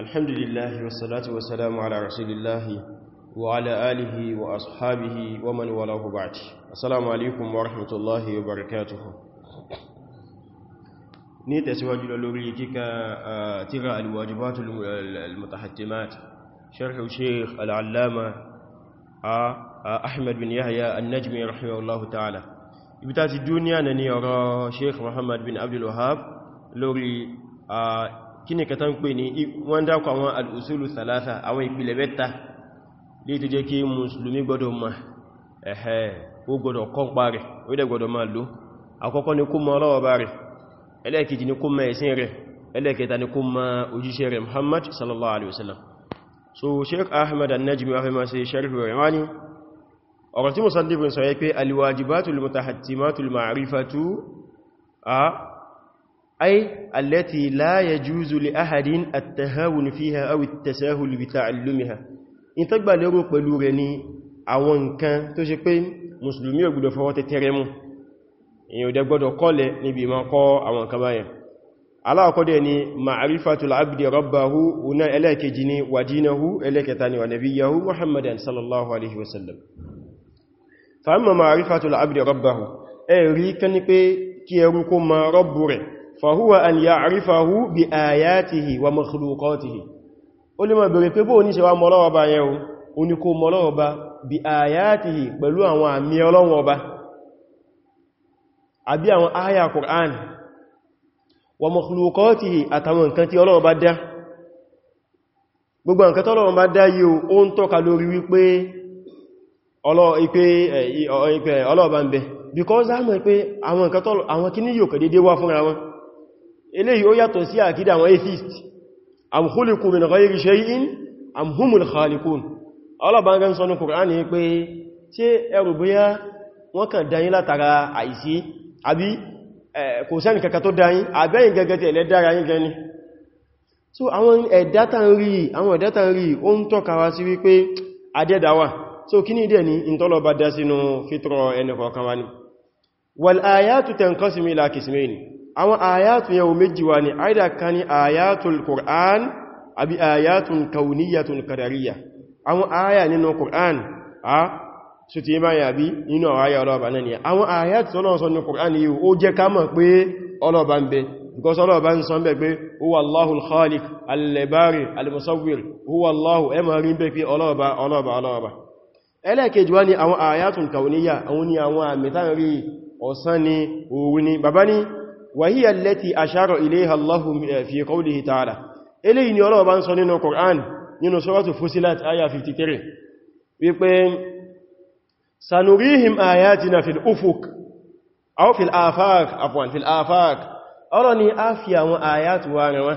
الحمد لله والصلاة والسلام على رسول الله وعلى آله وأصحابه ومن وله بعد السلام عليكم ورحمة الله وبركاته نيت أسواج الألوريكيك تغى الواجبات المتحتمات شرح الشيخ العلامة أحمد بن يهيا النجمي رحمه الله تعالى ابتاز الدنيا نني أرى شيخ محمد بن عبد الوهاب wahab kíni ka tán pè ní wọ́n dákọ̀ àwọn al'usulu thalatha àwọn ìpìlẹ̀ mẹ́ta lè tó jẹ́ kí musulmi gbọdọ̀ ma ẹ̀hẹ́ ó gbọdọ̀ kọ́npa rẹ̀ ó dẹ̀ gbọdọ̀ ma lò àkọ́kọ́ ni kó mọ̀ ọlọ́wọ́ bá rẹ̀ ẹlẹ́ẹ̀kejì ni kó mọ̀ ẹ̀sìn rẹ̀ ẹlẹ́ẹ̀kẹta ni kó mọ̀ òjíṣẹ́ rẹ̀ Muhammad sallallahu alaihi أي التي لا يجوز لأحد التهاون فيها أو التساهل بتعلمها in tagba lérò pẹ̀lú rẹ̀ ni àwọn nǹkan tó ṣe pé mùsùlùmí ò gbọdọ̀ fọwọ́ tẹ́tẹ́rẹ mú èyàn dẹ̀ gbọdọ̀ kọ́lẹ̀ níbi ma kọ́ àwọn nǹkan báyẹn aláàkọ́dẹ̀ ni ma'arifatul abdi rabbahu una ẹlẹ́kejì ni wa dinahu ẹlẹ́kẹta ni wa nabiyahu muhammadan sallallahu alaihi wasallam fa amma ma'arifatul abdi rabbahu ẹ̀rí kan ni pé kí ẹrú kó ma rọ́bù rẹ̀ fàhúwà an ya'rifahu bí ayatihi wa makhluqatihi ó lè máa bèèrè pé bóò ní ṣe wá mọ́lọ́wọ́ bá yẹn o ní kó mọ́lọ́wọ́ bá bí ayatihi pẹ̀lú àwọn àmì ọlọ́wọ́ bá àbí àwọn àyà Qur'an wa makhluqatihi àtàwọn nǹkan tí ọlọ́wọ́ bá dá because a mọ̀ pé àwọn nǹkan tọ́lọ̀ àwọn kí ní eléyìí ó yàtọ̀ sí àkídà àwọn atheist am khuliqu min ghayri shay'in am humul khaliqun ọlọ́bàá sọ ní Kùránì pé ṣé ẹrù bóyá wọ́n kàn dáyín látara àìsí àbí kò sẹ́ni kankan tó dáyín àbẹ́yìn gẹ́gẹ́ tí ẹ̀lẹ́ dára so àwọn ẹ̀dá tàn rí àwọn ẹ̀dá tàn rí ó ń tọ́ka so kí ní ìdẹ̀ ní ìntọ́lọ̀bá dá sínú fitrọ ẹnìkọ̀ọ̀kan wá ní wal ayatu tanqasimu àwọn àyàtù yẹ̀wò méjì wà ní àìdà kan ní àyàtùl Qur'an àbí àyàtùn kauniyyatun kadariya àwọn àyà nínú Qur'an a su ti máa yàbí nínú àwọn àyà ọlọ́ọ̀bá náà ni àwọn àyàtù sọ́lọ́sọ́ ní Qur'an yìí ó jẹ́ ká mọ̀ pé ọlọ́ọ̀bá ń bẹ because ọlọ́ọ̀bá ń sọ́n bẹ̀ pé huwa Allahu al-Khaliq al-Bari al-Musawwir huwa Allahu ẹ máa rí وهي التي أشار إليها الله في قوله تعالى إليه أن يقولوا بأن صنعنا القرآن ينو سورة فسلات آية 53 يقولون سنريهم آياتنا في الأفق أو في الآفاق أو في الآفاق أراني آفيا وآيات وانوا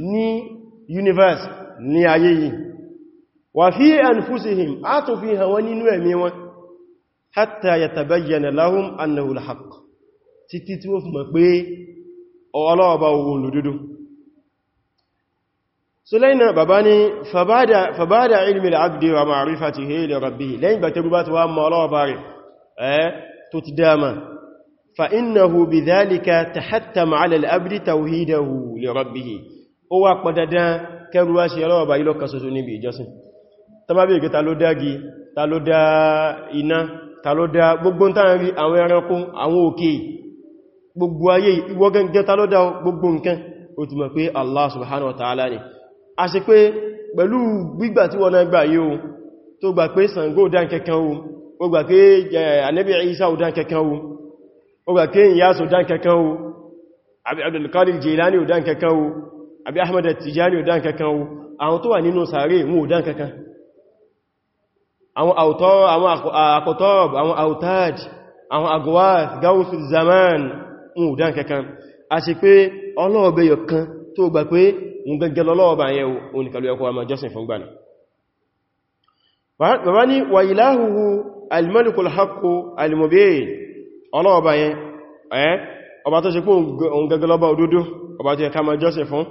ني يونيفرس ني آيي آية وفي أنفسهم أعطوا فيها وننوى ميوان حتى يتبين لهم أنه الحق títí tí ó fi mọ̀ pé ọlọ́ọ̀bá owó olódodo so lẹ́yìn náà bàbá ní fàbádà ilmi al'abdi wa ma'rifatihi li rabbi lẹ́yìn bá tẹ́gbù bá ti wá mọ̀ ọlọ́ọ̀bá rẹ̀ ẹ́ tó ti dáma fa innahu bi dhalika tahattama 'ala al'abdi tawhidahu li rabbih ó wá pàdádán kẹrù wá sí ọlọ́ọ̀bá ilọ́ bí ta ta ló dá iná gbogbo ayé ìwọ gangan ta ló dá gbogbo nǹkan ó ti mọ̀ pé Allah subhanahu wa ta'ala ni a ṣe pé pẹ̀lú gbígbà tí wọ́n náà gbà yí o tó gbà pé Ṣàngó dán kankan o ó gbà pé eh, Ànábì Ìsá ò dán kankan o ó gbà pé Ìyásù dán kankan o àbí Abdul Qadir Jilani o dán ń ò dá nǹkankan a sì pé ọlọ́ọ̀bẹ̀ yọ kan tó gbà pé ń gẹ́gẹ́ lọ́lọ́ọ̀bà yẹn oníkàlù ẹkọ̀ àmà jọ́sìn fún gbà bàbá ní wà ìláhùhù alìmọ́lùkùl haqqu alìmọ̀bẹ̀ẹ́ ọlọ́ọ̀bà yẹn ọba tó ṣe pé òun gẹ́gẹ́ lọ́ba òdodo ọba tó yẹ ká máa jọ́sìn fún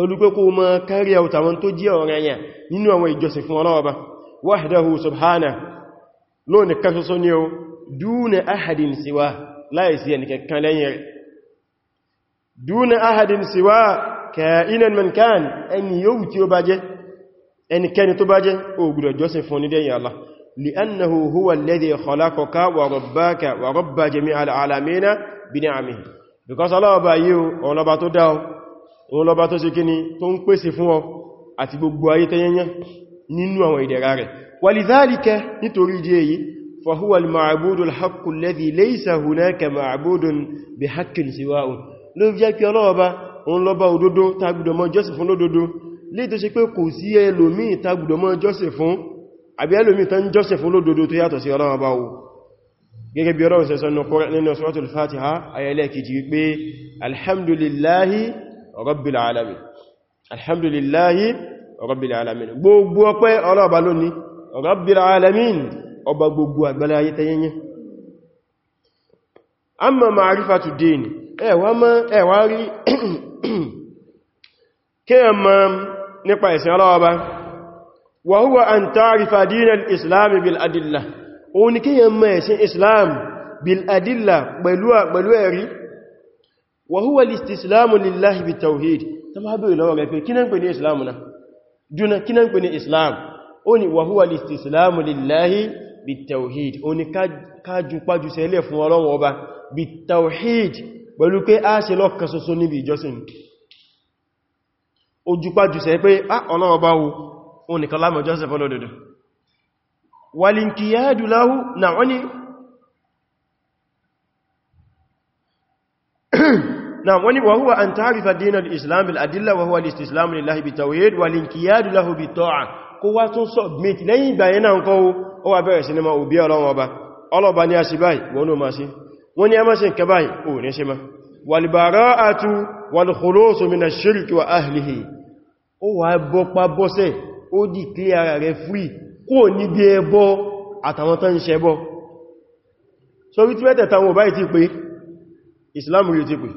pẹ̀lú pé kó máa kárí àwọn tó jẹ́ ọ̀ranyàn nínú àwọn ìjọsìn fún ọlọ́ọ̀bà wahdahu subhanahu ló ní kan ṣoṣo ni o dúnà ahadin siwa láìsí ẹnìkankan lẹ́yìn rẹ̀ dúnà ahadin siwa ka'inan man kan ẹni yóò tí ó bá jẹ́ ẹnikẹni tó bá jẹ́ ògùdọ̀ jọ́sìn fún ní dẹ́yìn Allah li'annahu huwa alladhi khalaqaka wa rabbaka wa rabba jami'al alamina bi ni'amihi because Allah ba yi o ọlọ́ba tó dá o ọlọ́ba tó ṣe kíni tó ń pèsè fún ọ àti gbogbo ayé tẹ́yẹnyẹn nínú àwọn ìdẹ̀ra rẹ̀ walidhalika nítorí ìdí èyí fahuwa al-ma'budu al-haqqu alladhi laysa hunaka ma'budun bihaqqin siwahu ló jẹ́ pé ọlọ́ọba òun lọ́ba òdodo tagbùdọmọ́ jọ́sìn fún lódodo lè tó ṣe pé kò sí ẹlòmíì tagbùdọmọ́ jọ́sìn fún àbí ẹlòmíì tán jọ́sìn fún lódodo tó yàtọ̀ gẹ́gẹ́ bí ọlọ́run sẹ́sọ́ nínú suratul fatiha ayẹ́lẹ́ kìí jí pé alhamdulillahi rabbil alamin alhamdulillahi rabbil alamin gbogbo ọpẹ́ ọlọ́ọ̀bá lónìí rabbil alamin ọba gbogbo àgbàlá ayé tẹ́yẹnyẹ amma ma'rifatu din ẹwà mọ́ ẹwà rí kí ẹ mọ́ nípa ìsìn ọlọ́ọ̀bá wa huwa an ta'rifa din al-islam bil adilla ó ní kí ẹ mọ́ ìsìn islam bil adilla pẹ̀lú ẹ̀rí wa huwa al-istislamu lillahi bit tawhid ta ma bèèrè lọ́wọ́ rẹ̀ pé kí náà pè ní jùna kí náà pè ní islam ó ní wàhúwà lè istislamu lillahi bitawhid ó ní kájú pájú sí ilé fún ọlọ́run ọba bitawhid pẹ̀lú pé a ṣe lọ́kan níbi ìjọsìn ojú pájú sí pé a ah, ọlọ́run wo نعم وني وهو أن تعرف دين الإسلام بالأدلة وهو الاستسلام لله بالتوحيد والانقياد له بالطاعة قوة submit لين بينا نكو هو بير سينما وبي الله وبا الله بني اسباي ونو ماشي وني اما كباي او ني والبراءة والخلوص من الشرك وأهله ó wà bọ́pá bọ́sẹ̀ ó dì clé ara rẹ̀ free kó níbi ẹbọ àtàwọn tán ń ṣẹbọ so wítí mẹ́tẹ̀ta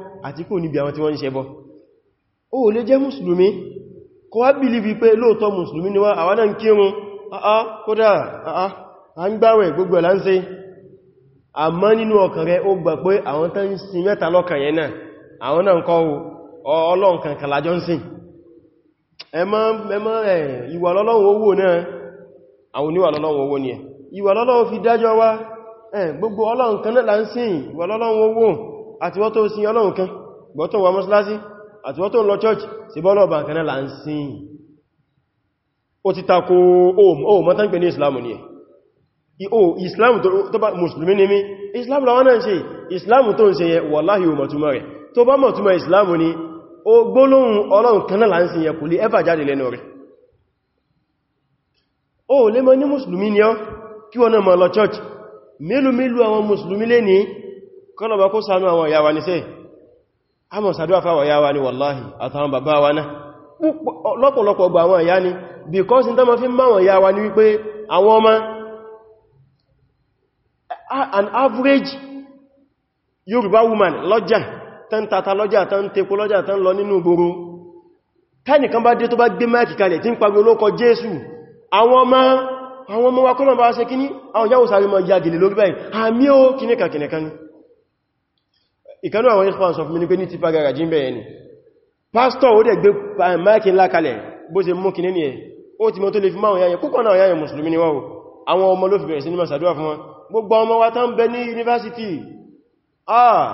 àti kò níbi àwọn tí wọ́n ń ṣẹbọ ó lè jẹ́ mùsùlùmí kó wá bìlìfì pé lóòtọ́ mùsùlùmí ni wá àwọn náà ń kírun àá kódà àá a ń gbáwẹ̀ gbogbo ẹ̀lá ń ṣe àmọ́ nínú ọkàn rẹ̀ ó gbà pé àwọn tán ń sin mẹ́ta lọ́kàn yẹn náà àwọn náà ń kọ́ ọlọ́nkan ẹ̀ ìwà lọ́lọ́run owó náà àwọn oníwà owó àti wọ́n tó ń sin ọlọ́run kan bọ́ tó wà mọ́sálásí àti wọ́n tó ń lọ church sí bọ́lọ̀ ọba kan là ń sin ó ti tako o mọ́tán pè ní islam ní ẹ̀ o islam tó bá musulmi ní mi islam làwọn náà ń ṣe islam tó ń ṣe yẹ wàláhì o mọ̀túnmọ̀ rẹ̀ o gbólóhùn ọlọ́run kan náà là ń sin yẹ kò lè ẹ́fà o lè mọ́ ní musulmi ní ọ kí church mélòó mélòó àwọn musulmi kọ́nà bá kó sánú àwọn ìyá wa ní sẹ́ a mọ̀ sàdúwà fáwọn ìyá wa ní wàláhì àtàwọn bàbá wa náà lọ́pọ̀lọpọ̀ gba àwọn ìyá ni because in tánmà fi ń máwọn ìyá wa ní wípé àwọn ọmọ an average Yorùbá woman lọ́jà tán tata lọ́jà tán tepo lọ́jà tán lọ nínú gboro tánìkan bá dé tó bá gbé máìkì kalẹ̀ tí ń pàgbé olókọ Jésù àwọn ọmọ àwọn ọmọ wa kọ́nà bá ṣe kíní àwọn yáwó sáré mọ̀ yagìlì lórí báyìí àmì ó kíníkà kíníkà ni ìkanú àwọn ìfàns of mini pé ní tipa garaji bẹ̀rẹ̀ ni pásítọ̀ ó dẹ̀ gbé máìkì ńlá kalẹ̀ bó ṣe mú kì ní ẹ̀ ó ti mọ́ tó lè fi máa òyáyẹ púpọ̀ ni wọ́n àwọn ọmọ ló fi bẹ̀rẹ̀ ah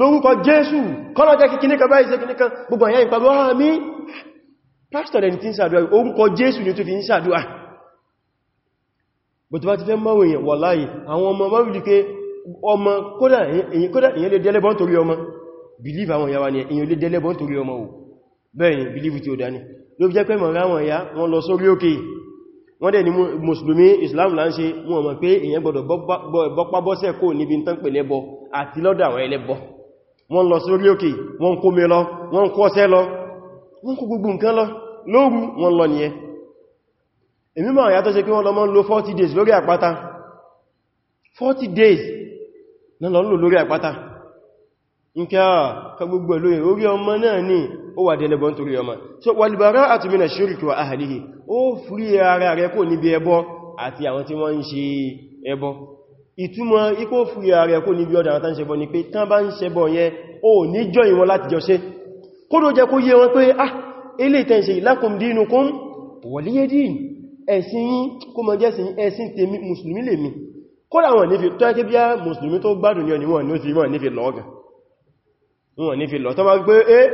lórúkọ jésù kọ́nà jẹ́ kíkí níkan báyìí jẹ́ kíníkan gbogbo àyà ìpàgọ́ àmì pásítọ̀ rẹ̀ ti ń sàdúwà orúkọ ni tó fi ń sàdúwà bọ̀tọ̀ bá ti fẹ́ mọ́wọ̀ èèyàn wà àwọn ọmọ mọ́wìlì pé ọmọ kódà èyàn lè dẹ́lẹ́bọ́n torí ọmọ believe àwọn ìyàwó ni èyàn lè dẹ́lẹ́bọ́n torí ọmọ o bẹ́yìn believe tí ó dání ló fi jẹ́ pé mọ̀rá wọn ya wọ́n lọ sórí òkè wọ́n dẹ̀ ni mùsùlùmí Islam là ń ṣe wọ́n mọ̀ pé èyàn gbọdọ̀ bọ́pá bọ́sẹ̀ kò níbi tán pè lẹ́bọ àti lọ́dọ̀ àwọn ẹlẹ́bọ wọ́n lọ sórí òkè wọ́n kó mi lọ wọ́n kó ọṣẹ lọ wọ́n kó gbogbo nǹkan lọ lóòrù wọ́n lọ nìyẹn tó ṣe pé wọ́n lọ mọ́ lo 40 days lórí àpáta 40 days náà lọ lórí àpáta in kí a ka gbogbo lóyìn orí ọmọ náà ní ó wà dẹ̀lẹ̀bọ̀ nítorí ọmọ so walibara àtúmìnà ṣíríkì wa ahàlìhì ó fúrí ara rẹ̀ kò níbi ẹbọ àti àwọn tí wọ́n ń ṣe ẹbọ ìtumọ̀ ikó fúrí ara rẹ̀ kò níbi ọdá ni pé tán bá ń ṣẹbọ yẹn ó ní jọ ìwọn láti jọ ṣe kódò jẹ kó yé wọn pé ah ilé ìtẹ́ǹṣe lakum dinukum waliya din ẹ̀sìn yín kó kódà wọn nífi tó ẹkẹ́ bí á mùsùlùmí tó gbádùn ní ọ̀nìwọ̀n ní òsì wọn nífi lọ́ọ̀gà wọn nífi lọ tó bá gbé é eh,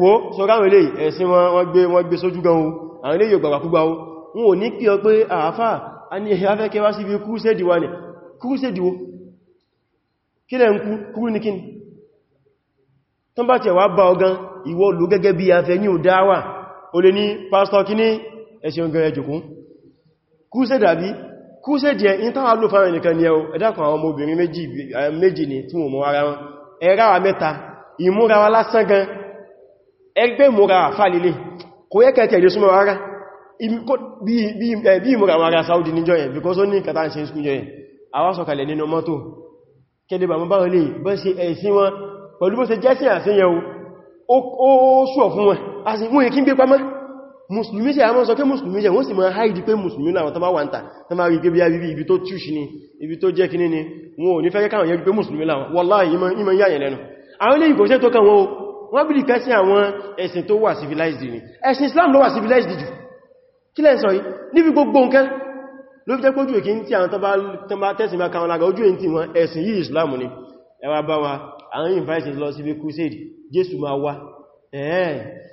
wo sọ́ráwọ̀ ilé ẹ̀sìn wọn gbé wọn gbé sójú gan o àwọn ilé yóò púgbà o wọn ò ní kí ọ pé àáfà a ní afẹ́kẹ́ wá síbi kúrúsẹ́dì wa ní kúrúsẹ́dì wo kí lẹ́ ń kú kúrú ní kíni tó crusade yẹn tán wà ló fáwọn ẹnìkan ni ẹ o ẹ̀dàkùn àwọn ọmọbìnrin eh, méjì ni tí wọ́n mọ́ ara wọn ẹ̀rá wa mẹ́ta ìmúra wa lásán gan ẹgbẹ́ ìmúra àfà lílé kò yẹ kẹtẹ̀ ìdí súnmọ́ ara bí ìmúra wa ara Saudi níjọ yẹn because ó ní kàtà ń ṣe school yẹn àwa sọ̀kalẹ̀ nínú mọ́tò kẹ́lẹ̀ bàmọ́ bá wọlé bọ́ ṣe ẹ̀sìn wọn pẹ̀lú bó ṣe jẹ́sìn àṣíyẹ̀wò ó sùọ̀ fún wọn a sì mú ìkí gbé pamọ́ musulmi sí àwọn sọ pé musulmi jẹ wọ́n sì máa haidi pé musulmi láwọn tó bá wà ń tà tó máa rí pé bí i ibi tó tíṣì ní ibi tó jẹ́ kìíní ni wọn ò ní fẹ́ káwọn yẹ́ pé musulmi láwọn wallahi ìmọ̀ yáyẹ̀ lẹ́nu àwọn ilé ìgbòsẹ́ tó kàn wọ́n wọ́n bí kẹ́ sí àwọn ẹ̀sìn tó wà civilized ni ẹ̀sìn Islam ló wà civilized jù kí lẹ́ sọ yìí níbi gbogbo nǹkan ló fi jẹ́ pójú èkí tí àwọn tó bá tẹ́sìn bá kàwọn lága ojú èyí tí wọ́n ẹ̀sìn yìí Islam ni ẹwà bá wa àwọn invite lọ sí ibi crusade Jésù máa wá ẹ̀ẹ́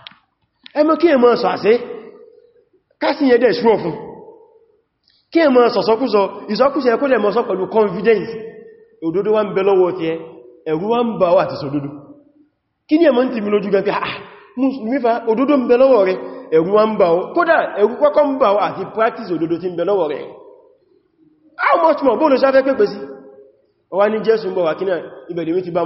ẹmọ kí ẹmọ sọ àṣẹ kásí yẹ dẹ̀ ṣúrọ̀ fún kí ẹmọ sọ̀sọ́kúsọ ìsọkúsọ ẹkọ́ lẹ́mọ sọ pẹ̀lú confidence òdodo wá ń bẹ lọ́wọ́ ti ẹ ẹ̀rù wá ń bà wà ti sọdodo kí ní ẹmọ ń ah mífa òdodo ń bẹ lọ́wọ́ rẹ ẹ̀rù wá ń bà ọ practice òdodo ti ń bẹ lọ́wọ́ rẹ how much more bóòlù sáfẹ́ pẹ́pẹ́ sí ọwá ní jésù ń bọ̀ wà kí náà mi ti gan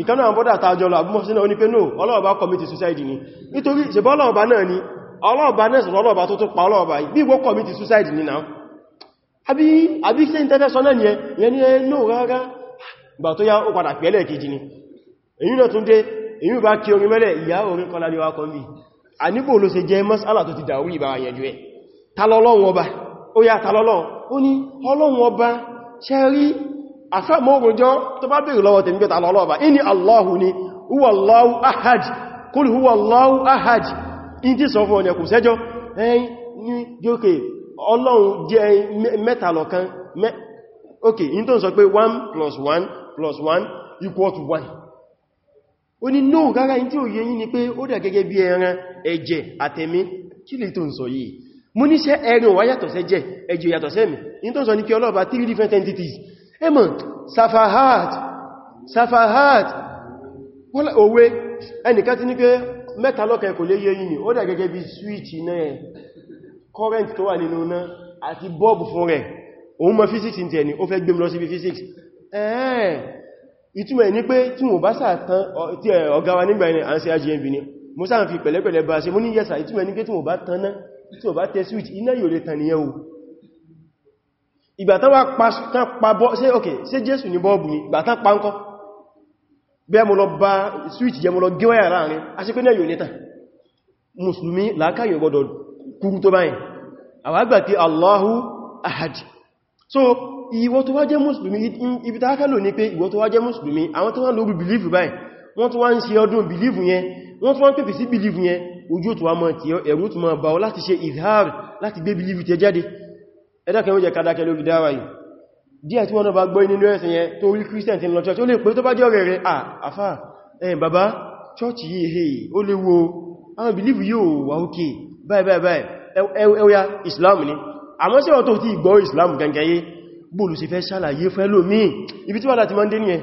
ìkanáà àwọn bọ́dà tààjọlọ àbúmọ̀sí náà ní pé náà ọlọ́ọ̀bá committee suicide ni nítorí ṣe bọ́lọ́ọ̀bá náà ni ọlọ́ọ̀bá náà sọ̀rọ̀ ọlọ́ọ̀bá tó tó pa ọlọ́ọ̀bá bí ìwọ́ committee suicide ni náà àbí ṣe ń tẹ́fẹ́ sọ náà yẹn ni ẹnú rárá gbà tó yá ó padà pẹ̀lẹ̀ kejì ni èyí náà tún dé èyí bá kí orin mẹ́lẹ̀ ìyá orin kọlá ní wákan bí a níbò ló ṣe jẹ mọ́sálà tó ti dàrú ìbára yẹjú ẹ talọ́lọ́wọ́ ọba ó yá talọ́lọ́wọ́ ó ní ọlọ́wọ́ ọba ṣẹ́rí afẹ́ mọ́gbọ́jọ́ tó bá bèèrè lọ́wọ́ tèmi pẹ́ta lọ́lọ́ọ̀bá inú allahu ni huwallahu ahad kúrò huwallahu ahad in ti sọ fún ọ̀nà kò sẹ́jọ́ ẹ̀yìn ní jókè ọlọ́run jẹ́ mẹ́ta lọ́kan ok in tó ń plus 1 plus 1 equal to 1 no rárá in tí ni pé ó dà gẹ́gẹ́ bí ẹran ẹ̀jẹ̀ àtẹ̀mí kí lè tó ń sọ yìí mo ní ṣe ẹran wá yàtọ̀ sẹ́jẹ̀ ẹ̀jẹ̀ yàtọ̀ different entities ẹmọ̀ safahat safahat òwe ẹnìkan ti ní pé mẹ́ta lọ́kẹ̀ kò lè yé yìí ó dà gẹ́gẹ́ bí swíìtì náà current tó wà nínú ati àti bob fún rẹ̀ òun mọ̀ physics ní tẹ̀ẹ̀ni ó fẹ́ gbé lọ síbi physics ẹ̀ẹ́ ìtumẹ̀ ní pé tí wọ́n bá sàtán ọ̀gá wa nígbà ẹni ìgbàtán wá pa bọ́ ṣe ok ṣe jésù ní bọ́ọ̀bù ní ìgbàtán pa ń kọ́ bí ẹ mọ́ lọ bá switch jẹ mọ́ lọ gẹ́ wáyà láàrin a ṣe pé náà yóò nítà musulmi lákàyè gbọdọ̀ kúrú tó báyìí àwágbà tí allahu ahad so ìwọ tó wá jẹ́ musulmi ibi ta kálò ní pé ìwọ tó wá jẹ́ musulmi àwọn tó wá lórí belief báyìí wọ́n tó wá ń ṣe ọdún belief yẹn wọ́n tó wá ń pèpè sí belief yẹn ojú tó wá mọ́ tí ẹ̀rù tó mọ́ bá ọ láti ṣe ìdáàrù láti gbé belief tẹ jáde ẹ̀dọ́kẹ̀ oúnjẹ kàdákẹ́ lórí dáwà yìí díẹ̀ tí wọ́n bá gbọ́ nínú ẹ̀sìn yẹn tó rí christian ti lọ church ó lè pé tó bá jẹ́ ọ̀rẹ́ rẹ̀ àfá ẹ̀yìn bàbá church yìí hey ó lè wo àwọn believe yóò wà ókè báyìí báyìí báyìí ẹwẹ́ya islam ni àmọ́ islam gangaye bóòlù sí fẹ́ ṣàlàyé fẹ́ lómi ibi tí wọ́n láti máa ń dé ní ẹ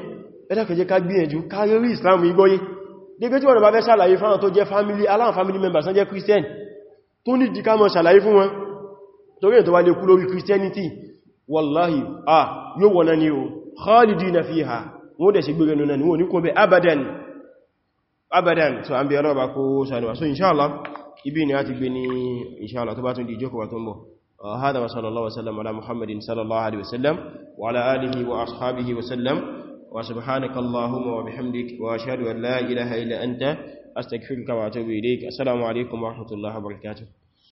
ẹ̀dọ́kẹ̀ jẹ́ ká gbìyànjú kárí rí islam igbóyé dégbé tí wọ́n bá fẹ́ ṣàlàyé fáwọn tó family aláwọn family members jẹ́ christian tó ní dìkámọ̀ ṣàlàyé torí ẹ̀ tó wá lè kú lórí christianity wallahi ah yóò wọ́n ní o na fi ha wọ́n dẹ̀ sí gbogbo ẹnu náà ní kò bẹ abadan abadan so an bí bá kó sanuwa so inṣáàlá ibi ni a ti gbé ní inṣáàlá tó bá tún di ìjókòó tó ń bọ̀ هذا وصلى الله وسلم على محمد صلى